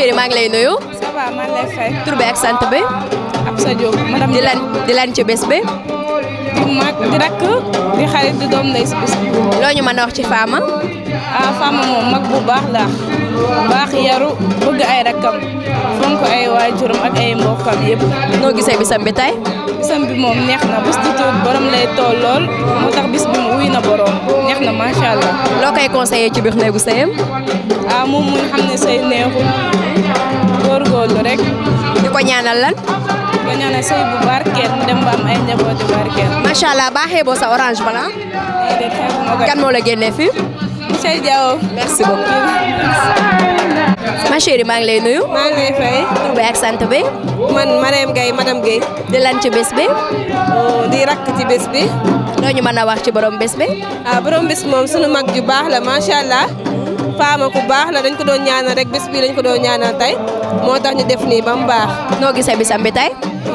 chérie maa ngi lay nuyu. ça ak sant bi. Absa Diop madame di lan di lan ci bés bi. di mag di rakk di xarit di doom ndey si bi. loo ñu mën a wax ci Fama. ah Fama moom mag bu baax la baax yaru bëgg ay rakkam fonk ay waajuram ak ay mbokkam yëpp. noo gisee bisam bi tay bisam bi moom neex na bés di tuut borom lay toll na borom na macha allah. loo koy conseillé ci biir néegu sëyam. ah moom mun xam ne sëy neexul góorgóorlu rek. di ko ñaanal lan. di ko ñaanal sëy bu barkeel dem ba am ay njabooti barkeel. allah baaxee boo sa orange bala. kan moo la génnee fii. Michel Diao. merci beaucoup. maa ngi lay nuyu. maa ngi lay fay. tur bi ak sant bi. man Marème Gueye madame Gueye. di lan ci bés bi. Oh, di rakk ci bés bi. loo ñu mën a wax ci borom bés bi. ah borom bés moom sunu mag ju baax la macha allah. faama ku baax la dañ ko doon ñaanal rek bés bii dañ ko doon ñaanal tey moo tax ñu def nii ba mu baax. noo gisee bisam bi tey.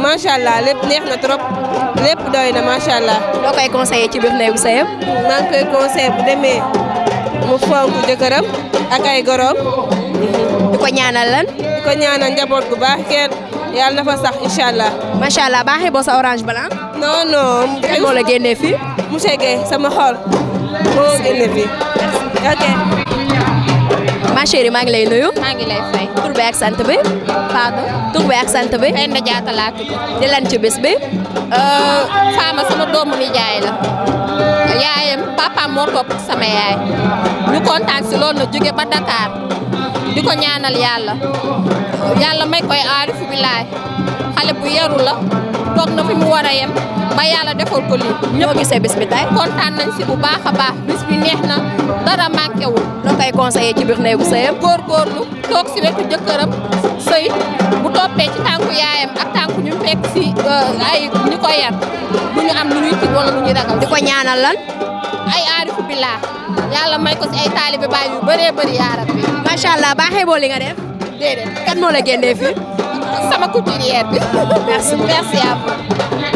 macha allah lépp neex na trop. lépp doy na macha allah. loo koy conseillé ci biir néegu sëyam. maa ngi koy conseillé bu demee. mu fonk jëkkëram ak ay goroom. di ko ñaanal lan. di ko ñaanal njaboot gu baax kenn yàlla na fa sax incha allah. macha allah boo sa orange blanc. non non. kan moo la génnee fii. monsieur Guèye sama xol. moo génne fii. ok. ma maa ngi lay nuyu. maa ngi lay fay. tur bi ak sant bi. pardon. tur bi ak sant bi. Penda Diatta laa tudd. di lan ci bis bi. Euh, Fama sama doomu nijaay la. yaayam papaam moo topp sama yaay ñu kontaan si loolu na jóge ba Dakar di ko ñaanal yàlla yàlla may koy aarifu billaay xale bu yaru la toog na fi mu war a yem ba yàlla defal ko lii. ñoo gisee bis bi tey. kontaan nañ si bu baax baax bis bi neex na dara manqué wul. koy conseillé ci biir néegu sëyam. góorgóorlu toog si wetu jëkkëram sëy bu toppee ci tànku yaayam ak fekk si euh, ay ñu ko yar bu ñu am lu ñuy tiit wala lu ñuy ragal. di ko ñaanal lan. ay aarifu billah yàlla may ko si ay taalibe baay yu bëree bëri yaaram bi. macha allah baaxee boo li nga def. déedéet kan moo la génnee fii. sama couturière bi. merci merci à vous.